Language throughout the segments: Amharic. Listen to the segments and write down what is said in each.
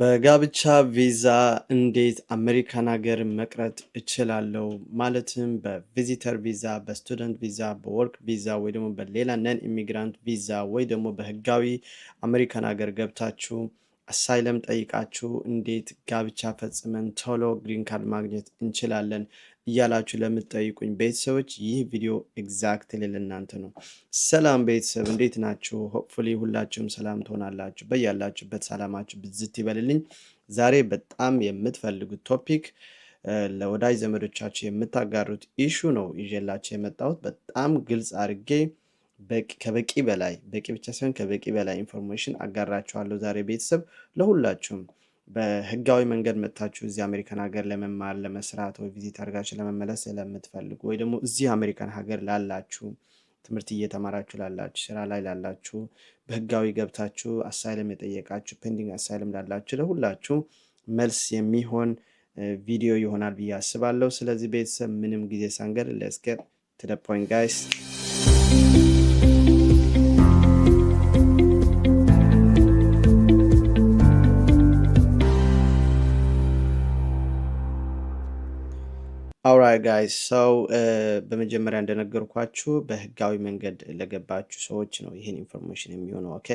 በጋብቻ ቪዛ እንዴት አሜሪካን ሀገር መቅረት እችላለሁ? ማለትም በቪዚተር ቪዛ፣ በስቱደንት ቪዛ፣ በወርክ ቪዛ ወይ ደግሞ በሌላ ነን ኢሚግራንት ቪዛ ወይ ደግሞ በህጋዊ አሜሪካን ሀገር ገብታችሁ አሳይለም ጠይቃችሁ እንዴት ጋብቻ ፈጽመን ቶሎ ግሪን ካርድ ማግኘት እንችላለን? እያላችሁ ለምትጠይቁኝ ቤተሰቦች ይህ ቪዲዮ ኤግዛክትሊ ለእናንተ ነው። ሰላም ቤተሰብ እንዴት ናችሁ? ሆፕፉሊ ሁላችሁም ሰላም ትሆናላችሁ። በያላችሁበት ሰላማችሁ ብዝት ይበልልኝ። ዛሬ በጣም የምትፈልጉት ቶፒክ ለወዳጅ ዘመዶቻችሁ የምታጋሩት ኢሹ ነው ይዤላችሁ የመጣሁት በጣም ግልጽ አድርጌ ከበቂ በላይ በቂ ብቻ ሳይሆን ከበቂ በላይ ኢንፎርሜሽን አጋራችኋለሁ ዛሬ ቤተሰብ ለሁላችሁም በህጋዊ መንገድ መጥታችሁ እዚህ አሜሪካን ሀገር ለመማር ለመስራት፣ ወይ ቪዚት አድርጋችሁ ለመመለስ ለምትፈልጉ ወይ ደግሞ እዚህ አሜሪካን ሀገር ላላችሁ ትምህርት እየተማራችሁ ላላችሁ፣ ስራ ላይ ላላችሁ፣ በህጋዊ ገብታችሁ አሳይለም የጠየቃችሁ፣ ፔንዲንግ አሳይለም ላላችሁ ለሁላችሁ መልስ የሚሆን ቪዲዮ ይሆናል ብዬ አስባለሁ። ስለዚህ ቤተሰብ ምንም ጊዜ ሳንገድ ለስገር ትደ ፖይንት ጋይስ ጋይስ ሰው በመጀመሪያ እንደነገርኳችሁ በህጋዊ መንገድ ለገባችሁ ሰዎች ነው ይህን ኢንፎርሜሽን የሚሆነው። ኦኬ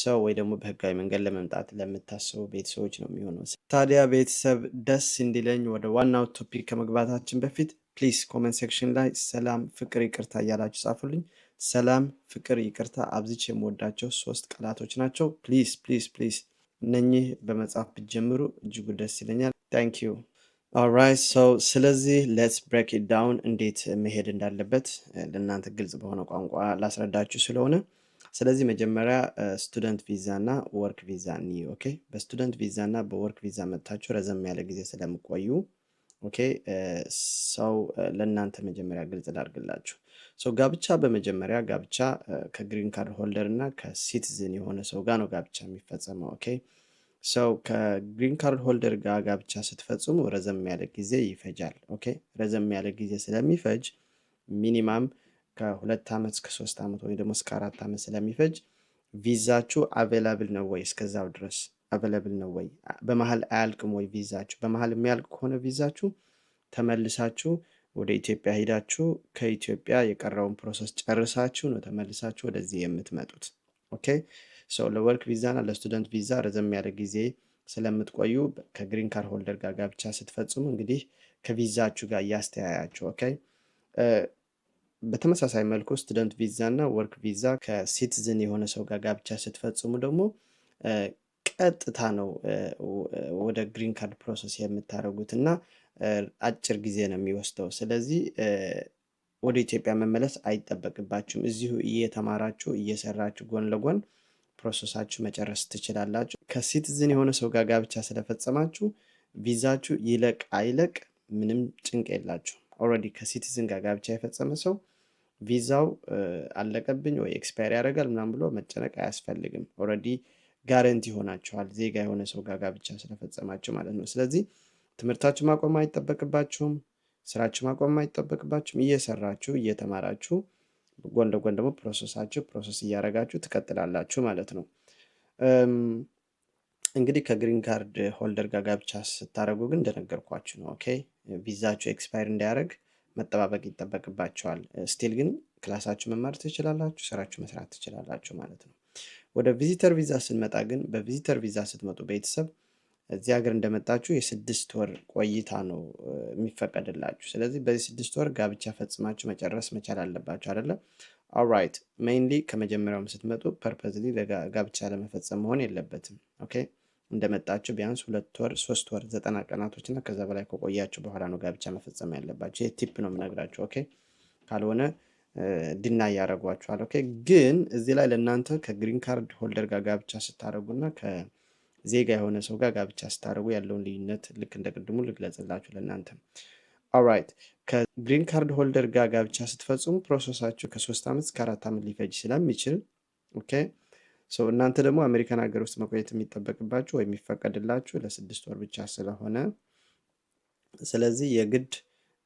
ሰው ወይ ደግሞ በህጋዊ መንገድ ለመምጣት ለምታስቡ ቤተሰቦች ነው የሚሆነው። ታዲያ ቤተሰብ ደስ እንዲለኝ ወደ ዋናው ቶፒክ ከመግባታችን በፊት ፕሊስ ኮመንት ሴክሽን ላይ ሰላም፣ ፍቅር፣ ይቅርታ እያላችሁ ጻፉልኝ። ሰላም፣ ፍቅር፣ ይቅርታ አብዝቼ የምወዳቸው ሶስት ቃላቶች ናቸው። ፕሊስ ፕሊስ ፕሊስ እነኚህ በመጻፍ ብትጀምሩ እጅጉ ደስ ይለኛል። ታንኪዩ ኦራይት ሶ ስለዚህ ሌትስ ብሬክ ኢት ዳውን እንዴት መሄድ እንዳለበት ለእናንተ ግልጽ በሆነ ቋንቋ ላስረዳችሁ ስለሆነ፣ ስለዚህ መጀመሪያ ስቱደንት ቪዛ እና ወርክ ቪዛ ኒ ኦኬ። በስቱደንት ቪዛ እና በወርክ ቪዛ መጥታችሁ ረዘም ያለ ጊዜ ስለምቆዩ ኦኬ፣ ሰው ለእናንተ መጀመሪያ ግልጽ ላድርግላችሁ። ሰው ጋብቻ በመጀመሪያ ጋብቻ ከግሪን ካርድ ሆልደር እና ከሲቲዝን የሆነ ሰው ጋር ነው ጋብቻ የሚፈጸመው ኦኬ። ሰው ከግሪን ካርድ ሆልደር ጋር ጋብቻ ስትፈጽሙ ረዘም ያለ ጊዜ ይፈጃል። ኦኬ ረዘም ያለ ጊዜ ስለሚፈጅ ሚኒማም ከሁለት ዓመት እስከ ሶስት ዓመት ወይም ደግሞ እስከ አራት ዓመት ስለሚፈጅ ቪዛችሁ አቬላብል ነው ወይ? እስከዛው ድረስ አቬላብል ነው ወይ? በመሀል አያልቅም ወይ ቪዛችሁ? በመሀል የሚያልቅ ከሆነ ቪዛችሁ ተመልሳችሁ ወደ ኢትዮጵያ ሄዳችሁ ከኢትዮጵያ የቀረውን ፕሮሰስ ጨርሳችሁ ነው ተመልሳችሁ ወደዚህ የምትመጡት። ኦኬ ሰው ለወርክ ቪዛና ለስቱደንት ቪዛ ረዘም ያለ ጊዜ ስለምትቆዩ ከግሪን ካር ሆልደር ጋር ጋብቻ ስትፈጽሙ እንግዲህ ከቪዛችሁ ጋር እያስተያያችሁ ኦኬ። በተመሳሳይ መልኩ ስቱደንት ቪዛ እና ወርክ ቪዛ ከሲቲዝን የሆነ ሰው ጋር ጋብቻ ስትፈጽሙ ደግሞ ቀጥታ ነው ወደ ግሪን ካርድ ፕሮሰስ የምታደረጉት እና አጭር ጊዜ ነው የሚወስደው። ስለዚህ ወደ ኢትዮጵያ መመለስ አይጠበቅባችሁም። እዚሁ እየተማራችሁ እየሰራችሁ ጎን ለጎን ፕሮሰሳችሁ መጨረስ ትችላላችሁ። ከሲቲዝን የሆነ ሰው ጋር ጋብቻ ስለፈጸማችሁ ቪዛችሁ ይለቅ አይለቅ ምንም ጭንቅ የላችሁ። ኦልሬዲ ከሲቲዝን ጋር ጋብቻ የፈጸመ ሰው ቪዛው አለቀብኝ ወይ ኤክስፓየር ያደርጋል ምናም ብሎ መጨነቅ አያስፈልግም። ኦልሬዲ ጋረንቲ ሆናችኋል፣ ዜጋ የሆነ ሰው ጋር ጋብቻ ስለፈጸማችሁ ማለት ነው። ስለዚህ ትምህርታችሁ ማቆም አይጠበቅባችሁም፣ ስራችሁ ማቆም አይጠበቅባችሁም። እየሰራችሁ እየተማራችሁ ጎን ለጎን ደግሞ ፕሮሰሳችሁ ፕሮሰስ እያደረጋችሁ ትቀጥላላችሁ ማለት ነው። እንግዲህ ከግሪን ካርድ ሆልደር ጋር ጋብቻ ስታደረጉ ግን እንደነገርኳችሁ ነው። ኦኬ ቪዛችሁ ኤክስፓየር እንዳያደረግ መጠባበቅ ይጠበቅባቸዋል። ስቲል ግን ክላሳችሁ መማር ትችላላችሁ፣ ስራችሁ መስራት ትችላላችሁ ማለት ነው። ወደ ቪዚተር ቪዛ ስንመጣ ግን በቪዚተር ቪዛ ስትመጡ ቤተሰብ እዚህ ሀገር እንደመጣችሁ የስድስት ወር ቆይታ ነው የሚፈቀድላችሁ። ስለዚህ በዚህ ስድስት ወር ጋብቻ ፈጽማችሁ መጨረስ መቻል አለባችሁ አይደለም። ኦልራይት ሜይንሊ ከመጀመሪያውም ስትመጡ ፐርፐዝ ጋብቻ ለመፈጸም መሆን የለበትም። ኦኬ እንደመጣችሁ ቢያንስ ሁለት ወር ሶስት ወር ዘጠና ቀናቶች እና ከዛ በላይ ከቆያችሁ በኋላ ነው ጋብቻ መፈጸም ያለባችሁ። ይህ ቲፕ ነው የምነግራችሁ። ኦኬ ካልሆነ ድና እያደረጓችኋል። ኦኬ ግን እዚህ ላይ ለእናንተ ከግሪን ካርድ ሆልደር ጋር ጋብቻ ስታደረጉና ዜጋ የሆነ ሰው ጋር ጋብቻ ስታደርጉ ያለውን ልዩነት ልክ እንደ ቅድሙ ልግለጽላችሁ ለእናንተ ኦራይት ከግሪን ካርድ ሆልደር ጋር ጋብቻ ስትፈጽሙ ፕሮሰሳቸው ከሶስት ዓመት እስከ አራት ዓመት ሊፈጅ ስለሚችል ሰው እናንተ ደግሞ አሜሪካን ሀገር ውስጥ መቆየት የሚጠበቅባችሁ ወይም የሚፈቀድላችሁ ለስድስት ወር ብቻ ስለሆነ ስለዚህ የግድ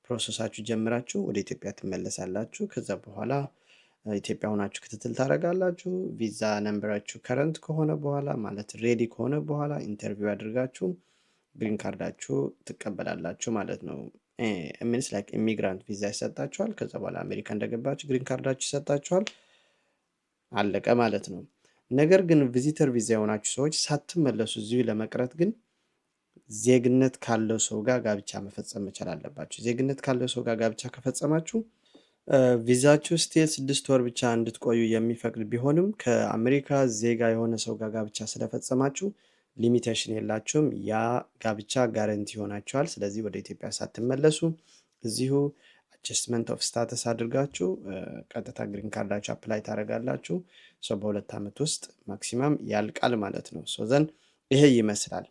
ፕሮሰሳችሁ ጀምራችሁ ወደ ኢትዮጵያ ትመለሳላችሁ። ከዛ በኋላ ኢትዮጵያ ሆናችሁ ክትትል ታደርጋላችሁ። ቪዛ ነንበራችሁ ከረንት ከሆነ በኋላ ማለት ሬዲ ከሆነ በኋላ ኢንተርቪው አድርጋችሁ ግሪን ካርዳችሁ ትቀበላላችሁ ማለት ነው። ሚንስ ላይክ ኢሚግራንት ቪዛ ይሰጣችኋል። ከዛ በኋላ አሜሪካ እንደገባችሁ ግሪን ካርዳችሁ ይሰጣችኋል። አለቀ ማለት ነው። ነገር ግን ቪዚተር ቪዛ የሆናችሁ ሰዎች ሳትመለሱ እዚሁ ለመቅረት ግን ዜግነት ካለው ሰው ጋር ጋብቻ መፈጸም መቻል አለባችሁ። ዜግነት ካለው ሰው ጋር ጋብቻ ከፈጸማችሁ ቪዛችሁ ስቲል ስድስት ወር ብቻ እንድትቆዩ የሚፈቅድ ቢሆንም ከአሜሪካ ዜጋ የሆነ ሰው ጋር ጋብቻ ስለፈጸማችሁ ሊሚቴሽን የላችሁም። ያ ጋብቻ ጋረንቲ ይሆናችኋል። ስለዚህ ወደ ኢትዮጵያ ሳትመለሱ እዚሁ አጀስትመንት ኦፍ ስታተስ አድርጋችሁ ቀጥታ ግሪን ካርዳችሁ አፕላይ ታደርጋላችሁ። በሁለት ዓመት ውስጥ ማክሲማም ያልቃል ማለት ነው። ዘን ይሄ ይመስላል።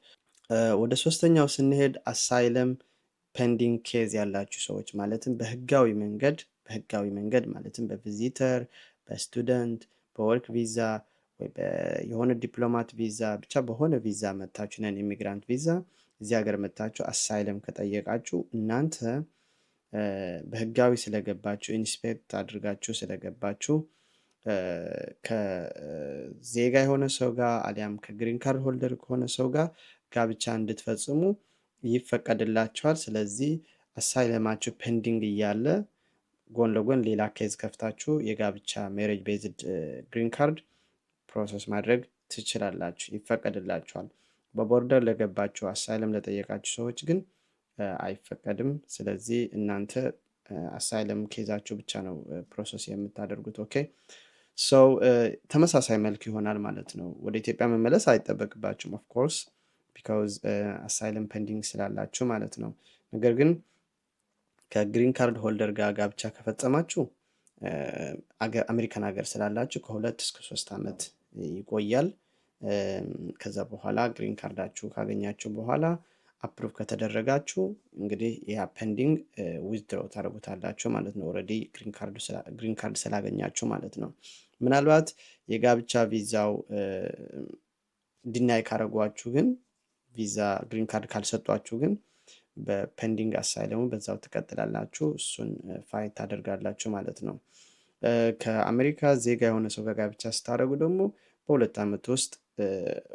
ወደ ሶስተኛው ስንሄድ አሳይለም ፔንዲንግ ኬዝ ያላችሁ ሰዎች ማለትም በህጋዊ መንገድ በህጋዊ መንገድ ማለትም በቪዚተር፣ በስቱደንት፣ በወርክ ቪዛ ወይ የሆነ ዲፕሎማት ቪዛ ብቻ በሆነ ቪዛ መታችሁ ነን ኢሚግራንት ቪዛ እዚህ ሀገር መታችሁ አሳይለም ከጠየቃችሁ እናንተ በህጋዊ ስለገባችሁ ኢንስፔክት አድርጋችሁ ስለገባችሁ ከዜጋ የሆነ ሰው ጋር አሊያም ከግሪን ካርድ ሆልደር ከሆነ ሰው ጋር ጋብቻ እንድትፈጽሙ ይፈቀድላችኋል። ስለዚህ አሳይለማችሁ ፔንዲንግ እያለ ጎን ለጎን ሌላ ኬዝ ከፍታችሁ የጋብቻ ሜሬጅ ቤዝድ ግሪን ካርድ ፕሮሰስ ማድረግ ትችላላችሁ፣ ይፈቀድላችኋል። በቦርደር ለገባችሁ አሳይለም ለጠየቃችሁ ሰዎች ግን አይፈቀድም። ስለዚህ እናንተ አሳይለም ኬዛችሁ ብቻ ነው ፕሮሰስ የምታደርጉት። ኦኬ ሰው ተመሳሳይ መልክ ይሆናል ማለት ነው። ወደ ኢትዮጵያ መመለስ አይጠበቅባችሁም ኦፍኮርስ ቢካውዝ አሳይለም ፔንዲንግ ስላላችሁ ማለት ነው። ነገር ግን ከግሪን ካርድ ሆልደር ጋር ጋብቻ ከፈጸማችሁ አሜሪካን ሀገር ስላላችሁ ከሁለት እስከ ሶስት ዓመት ይቆያል። ከዛ በኋላ ግሪን ካርዳችሁ ካገኛችሁ በኋላ አፕሩቭ ከተደረጋችሁ እንግዲህ ያ ፔንዲንግ ዊዝድሮው ታደርጉታላችሁ ማለት ነው። ኦልሬዲ ግሪን ካርድ ስላገኛችሁ ማለት ነው። ምናልባት የጋብቻ ቪዛው ዲናይ ካረጓችሁ ግን ቪዛ ግሪን ካርድ ካልሰጧችሁ ግን በፔንዲንግ አሳይለሙ በዛው ትቀጥላላችሁ። እሱን ፋይት ታደርጋላችሁ ማለት ነው። ከአሜሪካ ዜጋ የሆነ ሰው ጋር ብቻ ስታደርጉ ደግሞ በሁለት ዓመት ውስጥ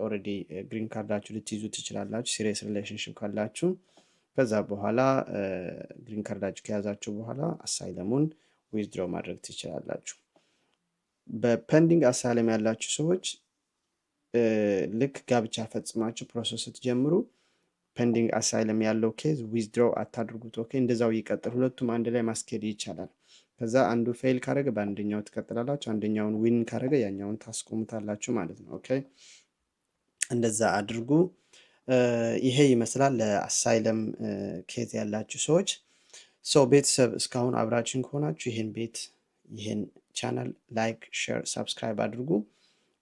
ኦረዲ ግሪን ካርዳችሁ ልትይዙ ትችላላችሁ፣ ሲሪየስ ሪሌሽንሽፕ ካላችሁ። ከዛ በኋላ ግሪን ካርዳችሁ ከያዛችሁ በኋላ አሳይለሙን ዊዝድሮ ማድረግ ትችላላችሁ። በፐንዲንግ አሳይለም ያላችሁ ሰዎች ልክ ጋብቻ ፈጽማችሁ ፕሮሰስ ስትጀምሩ ፔንዲንግ አሳይለም ያለው ኬዝ ዊዝድሮ አታድርጉት። ኦኬ እንደዛው ይቀጥል። ሁለቱም አንድ ላይ ማስኬድ ይቻላል። ከዛ አንዱ ፌል ካደረገ በአንደኛው ትቀጥላላችሁ፣ አንደኛውን ዊን ካደረገ ያኛውን ታስቆሙታላችሁ ማለት ነው። ኦኬ እንደዛ አድርጉ። ይሄ ይመስላል ለአሳይለም ኬዝ ያላችሁ ሰዎች። ሶ ቤተሰብ እስካሁን አብራችን ከሆናችሁ ይህን ቤት ይህን ቻናል ላይክ፣ ሼር፣ ሰብስክራይብ አድርጉ።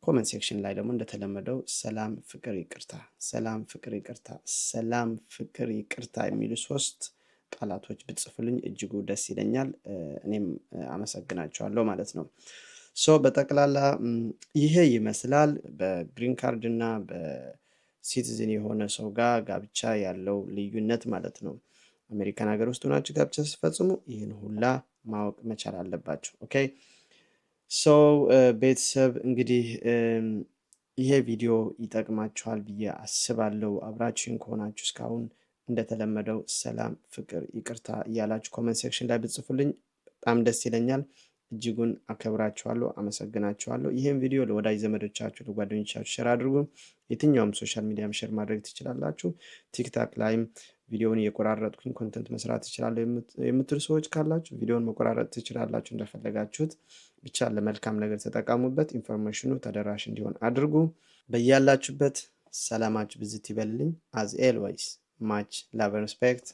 ኮመንት ሴክሽን ላይ ደግሞ እንደተለመደው ሰላም ፍቅር ይቅርታ፣ ሰላም ፍቅር ይቅርታ፣ ሰላም ፍቅር ይቅርታ የሚሉ ሶስት ቃላቶች ብጽፉልኝ እጅጉ ደስ ይለኛል። እኔም አመሰግናቸዋለሁ ማለት ነው። ሶ በጠቅላላ ይሄ ይመስላል በግሪን ካርድ እና በሲቲዝን የሆነ ሰው ጋር ጋብቻ ያለው ልዩነት ማለት ነው። አሜሪካን ሀገር ውስጥ ሆናችሁ ጋብቻ ስትፈጽሙ ይህን ሁላ ማወቅ መቻል አለባቸው። ኦኬ ሰው ቤተሰብ እንግዲህ ይሄ ቪዲዮ ይጠቅማችኋል ብዬ አስባለሁ። አብራችን ከሆናችሁ እስካሁን እንደተለመደው ሰላም፣ ፍቅር፣ ይቅርታ እያላችሁ ኮመንት ሴክሽን ላይ ብጽፉልኝ በጣም ደስ ይለኛል። እጅጉን አከብራችኋለሁ፣ አመሰግናችኋለሁ። ይህም ቪዲዮ ለወዳጅ ዘመዶቻችሁ፣ ለጓደኞቻችሁ ሸር አድርጉ። የትኛውም ሶሻል ሚዲያም ሸር ማድረግ ትችላላችሁ። ቲክታክ ላይም ቪዲዮውን እየቆራረጥኩኝ ኮንተንት መስራት ትችላለሁ የምትሉ ሰዎች ካላችሁ ቪዲዮውን መቆራረጥ ትችላላችሁ እንደፈለጋችሁት። ብቻ ለመልካም ነገር ተጠቀሙበት። ኢንፎርሜሽኑ ተደራሽ እንዲሆን አድርጉ። በያላችሁበት ሰላማችሁ ብዝት ይበልልኝ። አዝ ኤልዌይስ ማች ላቭ ሪስፔክት